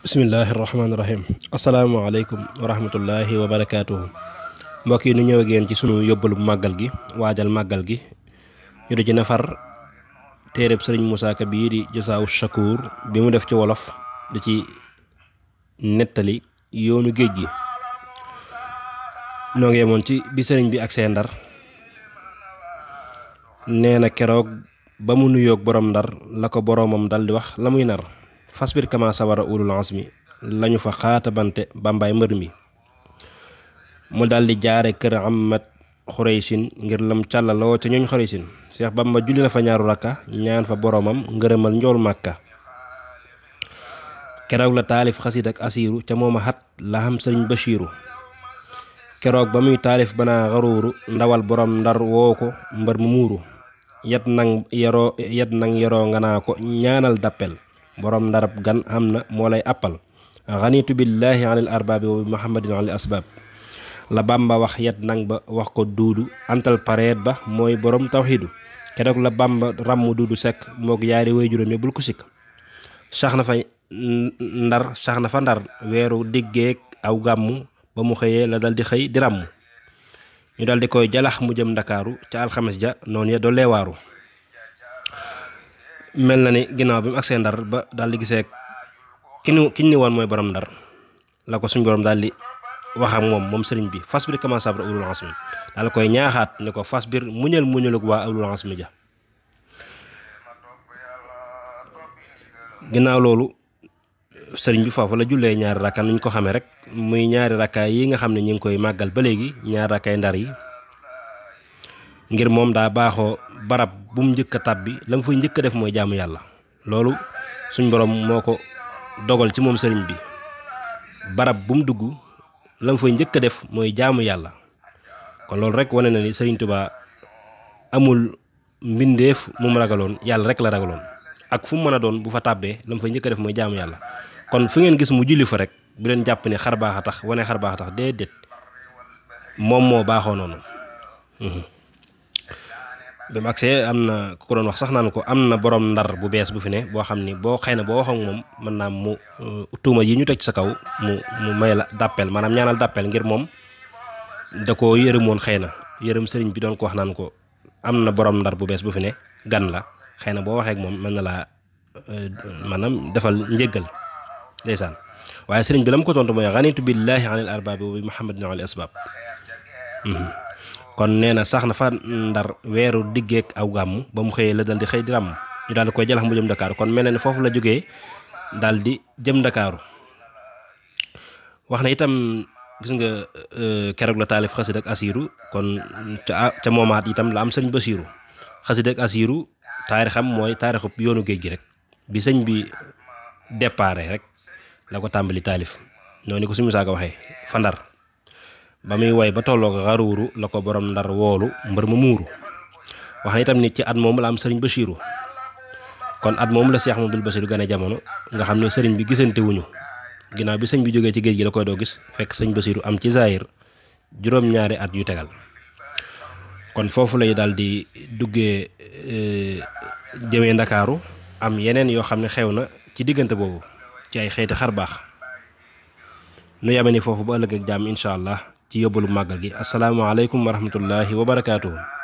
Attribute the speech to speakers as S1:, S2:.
S1: bismillaahi rahmaani rahiim asalaamaaleykum wa rahmatullaahi wa yi nu ñëw ak ci sunu yóbbalu màggal gi waajal màggal gi ñu du ci nafar sëriñ musaaka Ka bii di Jasaawu Shakuur bi mu def ci wolof di ci nettali yoonu géej gi noo ngi yemoon ci bi sëriñ bi ak seen ndar nee na keroog ba mu nuyoog borom ndar la ko boromam dal di wax la muy nar fasbir kama sabara ulul azmi lañu fa xaatabante bàmbaay mbër mi mu daldi jaare kër amat xuraysin ngir lam càllaloo ca ñooñ xuraysin Cheikh Bamba julli na fa ñaaru rakka ñaan fa boromam ngërëmal njool màkka keroog la taalif xasid ak asiiru ca mooma xat la xam sëriñ Bachiru keroog ba muy taalif banaa xaruuru ndawal borom ndar woo ko mbër mu muuru yat nang yaroo nga naa ko ñaanal dappel boroom ndarab gan am na moo lay àppal xanitu billaahi alal arbaabi wa bi muhammadin alal asbaab la bàmba wax yet nang ba wax ko duudu antal pareet ba mooy boroom tawxiidu keroog la bàmba ràmm duudu sekk moog yaari way juróom yi bul ko sikk sax na fa ndar sax na fa ndar weeru diggeeg aw gàmmu ba mu xëyee la dal di xëy di ràmm ñu dal di koy jalax mu jëm ndakaaru ca alxames ja noonu ya dolee waaru mel na ni ginnaaw bi mu agsee ndar ba daal di gisee ki ñu ki ni woon mooy borom ndar la ko suñ borom daal di wax ak moom moom sëriñ bi fas bir kama sabra ulul azmi daal koy ñaaxaat ni ko fas bir muñal muñalug waa ulul azmi ja ginnaaw loolu sëriñ bi foofu la jullee ñaari rakka nuñ ko xamee rek muy ñaari rakkaay yi nga xam ne ñu ngi koy màggal ba léegi ñaari rakkaay ndar yi ngir moom daa baaxoo barab bu mu njëkk a tàbbi la nga fay njëkk a def mooy jaamu yàlla loolu suñ boroom moo ko dogal ci moom sëriñ bi barab bu mu dugg la fay njëkk def mooy jaamu yàlla kon loolu rek wane na ni sëriñ amul mbindeef mu ragaloon yàlla rek la ragaloon ak fu mu mën a doon bu fa tàbbee la mu njëkk def mooy jaamu yàlla kon fu ngeen gis mu julli fa rek bu leen jàpp ne xar baax a tax wane xar baax a tax déedéet moom moo baaxoo noonu bi mu agsee am na ku ko doon wax sax naan ko am na borom ndar bu bees bu fi ne boo xam ni boo xëy na boo wax ak moom mën naa mu euh, tuuma yi ñu teg sa kaw mu mu may la dàppel maanaam ñaanal dàppel ngir moom da koo yërëmoon xëy na yërëm sëriñ bi doon ko wax naan ko am na borom ndar bu bees bu fi ne gan la xëy na boo waxee ak moom mën na laa euh, maanaam defal njëggal ndeysaan waaye sëriñ bi la mu ko tontu mooy xanitu billaahi anil arbaabi wa bi muhammadin al asbaab hmm. kon nee na sax na fa ndar weeru diggeeg aw gàmm ba mu xëyee la dal di xëy di ràmm ñu daal di koy jalax mu jëm Dakar kon mel na ne foofu la jógee daal di jëm ndakaaru wax na itam gis nga euh, keroog la taalif xasida ak asiiru kon ca ca itam la am sëñ Basiiru xasida ak asiiru taarixam mooy taarixub yoonu géej gi rek bi sëñ bi déparé rek la ko tàmbali taalif noonu ni ko suñu saaka waxee fa ndar ba muy woy ba tolloog xaruuru la ko borom ndar woolu mbër ma muuru wax na itam nit ci at moomu la am sëriñ Bachirou kon at moomu la Cheikh Mamadou Bachirou gane jamono nga xam ne sëriñ bi gisante wuñu ginnaaw bi sëñ bi jógee ci géej gi la koy doo gis fekk sëñ Bachirou am ci zaahir juróom-ñaari at yu tegal kon foofu lay daal di duggee eh, jëmee ndakaaru am yeneen yoo xam ne xew na ci diggante boobu ci ay xeeti xar baax nu yame ni foofu ba ëllëg ak jàmm ci yóbbalu màggal gi asalaamaaleykum wa rahmatullahi wa barakaatuhu